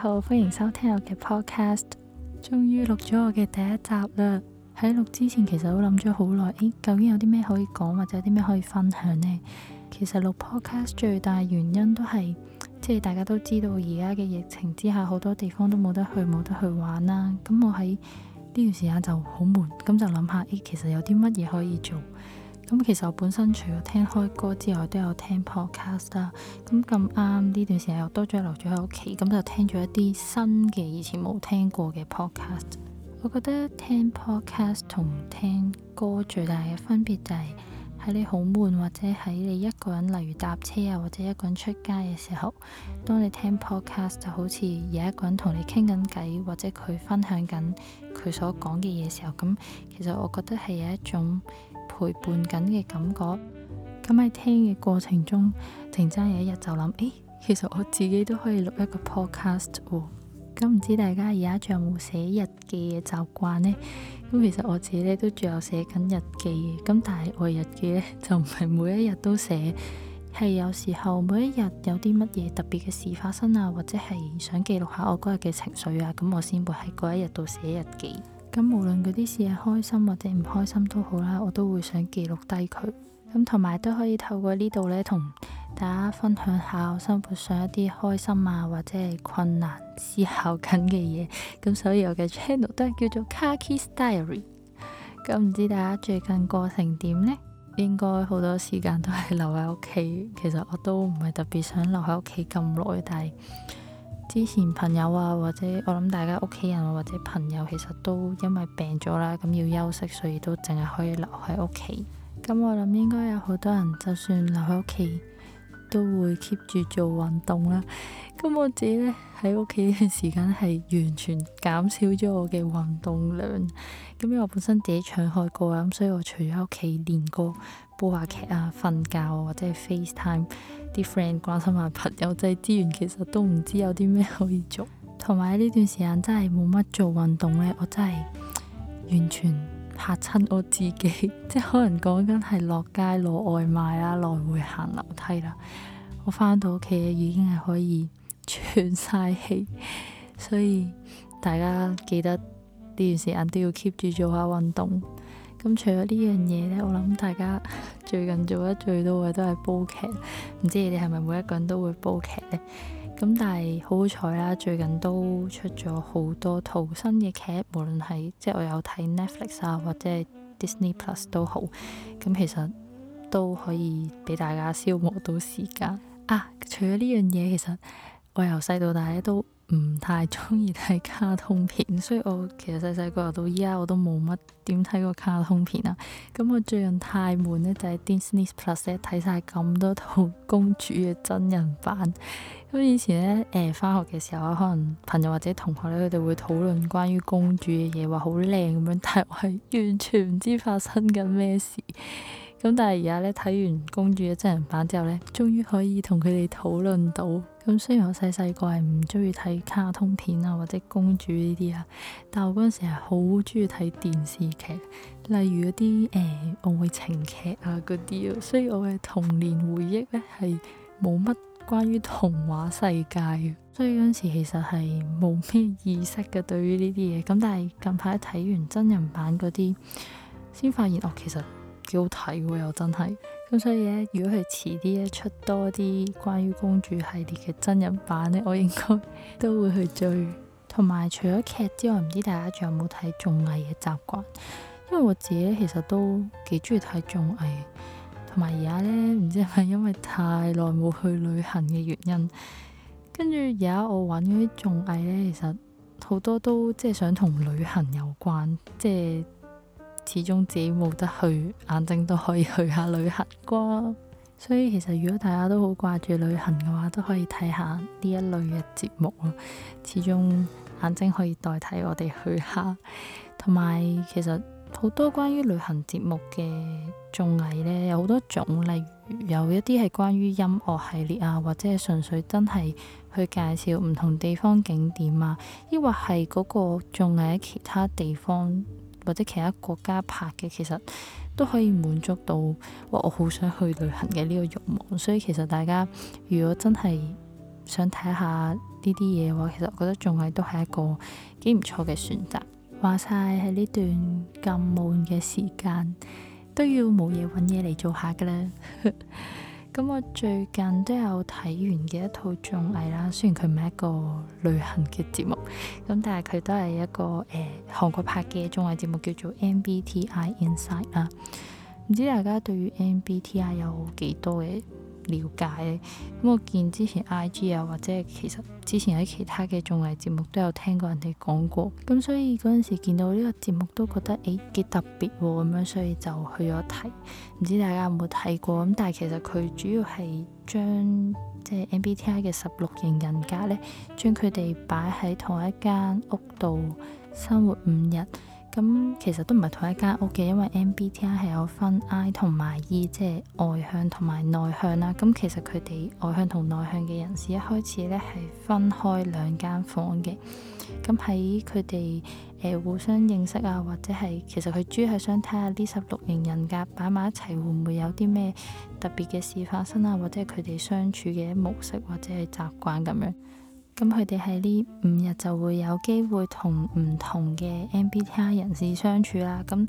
大家好，歡迎收聽我嘅 podcast。終於錄咗我嘅第一集啦！喺錄之前，其實都諗咗好耐，誒，究竟有啲咩可以講或者有啲咩可以分享呢？其實錄 podcast 最大原因都係，即係大家都知道而家嘅疫情之下，好多地方都冇得去，冇得去玩啦。咁我喺呢段時間就好悶，咁就諗下，誒，其實有啲乜嘢可以做？咁其實我本身除咗聽開歌之外，都有聽 podcast 啦。咁咁啱呢段時間又多咗留咗喺屋企，咁就聽咗一啲新嘅，以前冇聽過嘅 podcast。我覺得聽 podcast 同聽歌最大嘅分別就係喺你好悶，或者喺你一個人，例如搭車啊，或者一個人出街嘅時候，當你聽 podcast 就好似有一個人同你傾緊偈，或者佢分享緊佢所講嘅嘢時候，咁其實我覺得係有一種陪伴緊嘅感覺，咁喺聽嘅過程中，突然間有一日就諗，誒、哎，其實我自己都可以錄一個 podcast 喎。咁、哦、唔知大家而家仲有冇寫日記嘅習慣呢？咁其實我自己咧都仲有寫緊日記嘅，咁但係我日記咧就唔係每一日都寫，係有時候每一日有啲乜嘢特別嘅事發生啊，或者係想記錄下我嗰日嘅情緒啊，咁我先會喺嗰一日度寫日記。咁無論嗰啲事係開心或者唔開心都好啦，我都會想記錄低佢。咁同埋都可以透過呢度呢，同大家分享下我生活上一啲開心啊，或者係困難思考緊嘅嘢。咁所以我嘅 channel 都係叫做 Kaki's Diary。咁唔知大家最近過成點呢？應該好多時間都係留喺屋企。其實我都唔係特別想留喺屋企咁耐，但係，之前朋友啊，或者我諗大家屋企人或者朋友，其實都因為病咗啦，咁要休息，所以都淨係可以留喺屋企。咁我諗應該有好多人，就算留喺屋企。都會 keep 住做運動啦，咁我自己咧，喺屋企嘅時間係完全減少咗我嘅運動量，咁因為我本身自己唱開歌啊，咁所以我除咗喺屋企練歌、煲下劇啊、瞓覺啊，或者係 FaceTime 啲 friend 關心下朋友仔資源，其實都唔知有啲咩可以做，同埋呢段時間真係冇乜做運動咧，我真係完全。嚇親我自己，即係可能講緊係落街攞外賣啦，來回行樓梯啦，我翻到屋企已經係可以喘晒氣，所以大家記得呢段時間都要 keep 住做下運動。咁除咗呢樣嘢呢，我諗大家最近做得最多嘅都係煲劇，唔知你哋係咪每一個人都會煲劇呢？咁但係好好彩啦，最近都出咗好多套新嘅劇，無論係即係我有睇 Netflix 啊，或者係 Disney Plus 都好，咁其實都可以俾大家消磨到時間。啊，除咗呢樣嘢，其實我由細到大都～唔太中意睇卡通片，所以我其實細細個到依家我都冇乜點睇過卡通片啦、啊。咁我最近太悶呢，就喺、是、Disney Plus 睇晒咁多套公主嘅真人版。咁以前呢，誒、呃、返學嘅時候可能朋友或者同學咧，佢哋會討論關於公主嘅嘢，話好靚咁樣，但係我係完全唔知發生緊咩事。咁但係而家咧，睇完公主嘅真人版之後咧，終於可以同佢哋討論到。咁雖然我細細個係唔中意睇卡通片啊或者公主呢啲啊，但我嗰陣時係好中意睇電視劇，例如嗰啲誒愛情劇啊嗰啲啊。所以我嘅童年回憶咧係冇乜關於童話世界嘅，所以嗰陣時其實係冇咩意識嘅對於呢啲嘢。咁但係近排睇完真人版嗰啲，先發現哦，其實。幾好睇喎，又真係。咁所以咧，如果佢遲啲咧出多啲關於公主系列嘅真人版咧，我應該都會去追。同埋除咗劇之外，唔知大家仲有冇睇綜藝嘅習慣？因為我自己其實都幾中意睇綜藝。同埋而家咧，唔知係咪因為太耐冇去旅行嘅原因，跟住而家我揾嗰啲綜藝咧，其實好多都即係想同旅行有關，即係。始終自己冇得去，眼睛都可以去下旅行啩。所以其實如果大家都好掛住旅行嘅話，都可以睇下呢一類嘅節目咯。始終眼睛可以代替我哋去下，同埋其實好多關於旅行節目嘅綜藝呢，有好多種，例如有一啲係關於音樂系列啊，或者係純粹真係去介紹唔同地方景點啊，抑或係嗰個綜藝喺其他地方。或者其他國家拍嘅，其實都可以滿足到我，好想去旅行嘅呢個欲望。所以其實大家如果真係想睇下呢啲嘢嘅話，其實我覺得仲係都係一個幾唔錯嘅選擇。話晒喺呢段咁悶嘅時間，都要冇嘢揾嘢嚟做下㗎啦。 咁我最近都有睇完嘅一套綜藝啦，雖然佢唔係一個旅行嘅節目，咁但係佢都係一個誒韓國拍嘅綜藝節目，叫做 MBTI Inside 啦。唔知大家對於 MBTI 有幾多嘅？了解，咁我見之前 IG 啊，或者其實之前喺其他嘅綜藝節目都有聽過人哋講過，咁所以嗰陣時見到呢個節目都覺得誒幾特別喎咁樣，所以就去咗睇。唔知大家有冇睇過咁？但係其實佢主要係將即係 MBTI 嘅十六型人格咧，將佢哋擺喺同一間屋度生活五日。咁其實都唔係同一間屋嘅，因為 MBTI 係有分 I 同埋 E，即係外向同埋內向啦。咁其實佢哋外向同內向嘅人士一開始咧係分開兩間房嘅。咁喺佢哋誒互相認識啊，或者係其實佢主要係想睇下呢十六型人格擺埋一齊會唔會有啲咩特別嘅事發生啊，或者佢哋相處嘅模式或者係習慣咁樣。咁佢哋喺呢五日就會有機會同唔同嘅 MBTI 人士相處啦。咁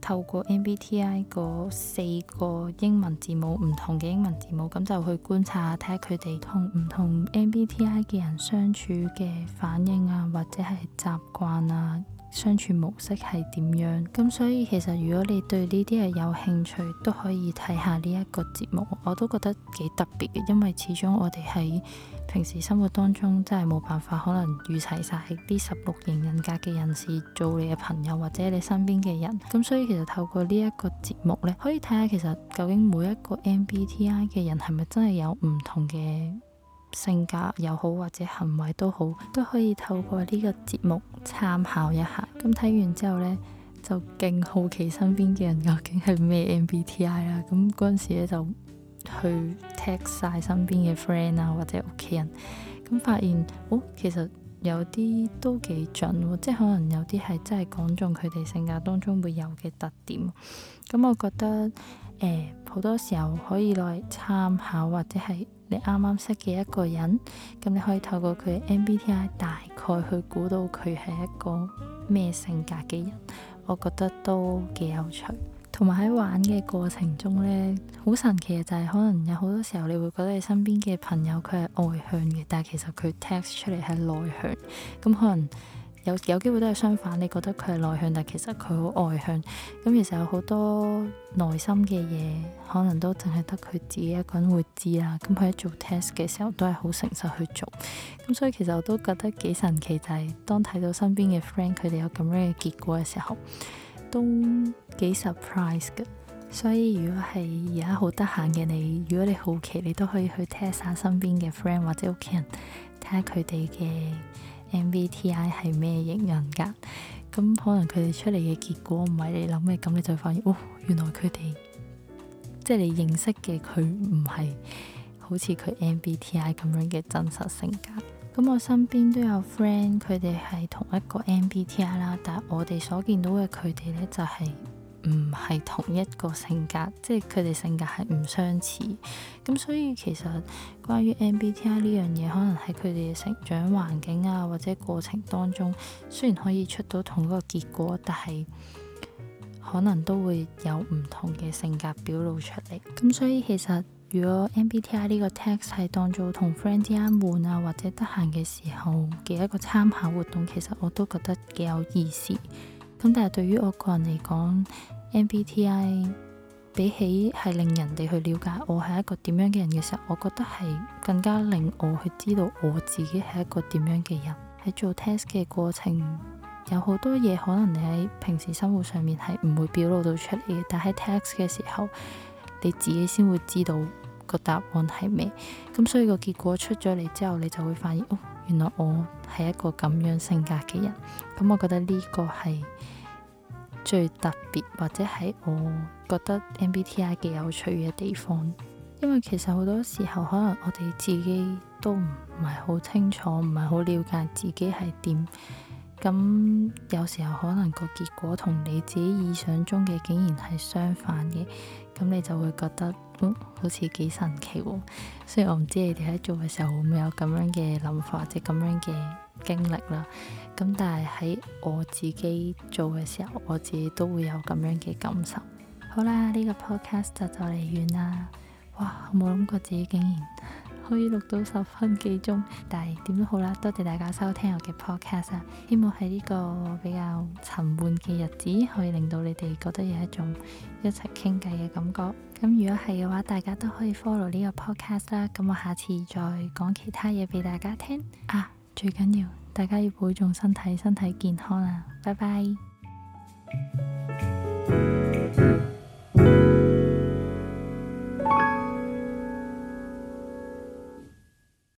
透過 MBTI 嗰四個英文字母，唔同嘅英文字母，咁就去觀察下，睇下佢哋同唔同 MBTI 嘅人相處嘅反應啊，或者係習慣啊。相處模式係點樣？咁所以其實如果你對呢啲嘢有興趣，都可以睇下呢一個節目，我都覺得幾特別嘅，因為始終我哋喺平時生活當中真係冇辦法可能預齊曬啲十六型人格嘅人士做你嘅朋友或者你身邊嘅人。咁所以其實透過呢一個節目呢，可以睇下其實究竟每一個 MBTI 嘅人係咪真係有唔同嘅？性格又好或者行為都好，都可以透過呢個節目參考一下。咁睇完之後咧，就勁好奇身邊嘅人究竟係咩 MBTI 啦。咁嗰陣時咧就去 text 曬身邊嘅 friend 啊或者屋企人，咁發現，哦，其實～有啲都幾準，即係可能有啲係真係講中佢哋性格當中會有嘅特點。咁、嗯、我覺得，誒、呃、好多時候可以來參考，或者係你啱啱識嘅一個人，咁你可以透過佢 MBTI 大概去估到佢係一個咩性格嘅人，我覺得都幾有趣。同埋喺玩嘅過程中呢，好神奇嘅就係可能有好多時候，你會覺得你身邊嘅朋友佢係外向嘅，但係其實佢 test 出嚟係內向。咁可能有有機會都係相反，你覺得佢係內向，但係其實佢好外向。咁其實有好多內心嘅嘢，可能都淨係得佢自己一個人會知啦。咁佢喺做 test 嘅時候都係好誠實去做。咁所以其實我都覺得幾神奇，就係當睇到身邊嘅 friend 佢哋有咁樣嘅結果嘅時候。都幾 surprise 嘅。所以如果係而家好得閒嘅你，如果你好奇，你都可以去 test 下身邊嘅 friend 或者屋企人，睇下佢哋嘅 MBTI 係咩型人格，咁可能佢哋出嚟嘅結果唔係你諗嘅，咁你就發現，哦，原來佢哋即係你認識嘅佢唔係好似佢 MBTI 咁樣嘅真實性格。咁我身邊都有 friend，佢哋係同一個 MBTI 啦，但係我哋所見到嘅佢哋咧就係唔係同一個性格，即係佢哋性格係唔相似。咁所以其實關於 MBTI 呢樣嘢，可能喺佢哋嘅成長環境啊，或者過程當中，雖然可以出到同一個結果，但係可能都會有唔同嘅性格表露出嚟。咁所以其實，如果 MBTI 呢個 test 係當做同 friend 之間玩啊，或者得閒嘅時候嘅一個參考活動，其實我都覺得幾有意思。咁但係對於我個人嚟講，MBTI 比起係令人哋去了解我係一個點樣嘅人嘅時候，我覺得係更加令我去知道我自己係一個點樣嘅人。喺做 test 嘅過程，有好多嘢可能你喺平時生活上面係唔會表露到出嚟嘅，但喺 test 嘅時候。你自己先會知道個答案係咩，咁，所以個結果出咗嚟之後，你就會發現哦，原來我係一個咁樣性格嘅人。咁我覺得呢個係最特別，或者係我覺得 MBTI 幾有趣嘅地方，因為其實好多時候可能我哋自己都唔係好清楚，唔係好了解自己係點。咁有時候可能個結果同你自己意想中嘅竟然係相反嘅。咁你就會覺得嗯、哦、好似幾神奇喎，雖然我唔知你哋喺做嘅時候會唔會有咁樣嘅諗法或者咁樣嘅經歷啦，咁但係喺我自己做嘅時候，我自己都會有咁樣嘅感受。好啦，呢、這個 podcast 就就嚟完啦，哇，我冇諗過自己竟然～可以錄到十分幾鐘，但係點都好啦，多謝大家收聽我嘅 podcast 啊！希望喺呢個比較沉悶嘅日子，可以令到你哋覺得有一種一齊傾偈嘅感覺。咁如果係嘅話，大家都可以 follow 呢個 podcast 啦。咁我下次再講其他嘢俾大家聽啊！最緊要大家要保重身體，身體健康啦！拜拜。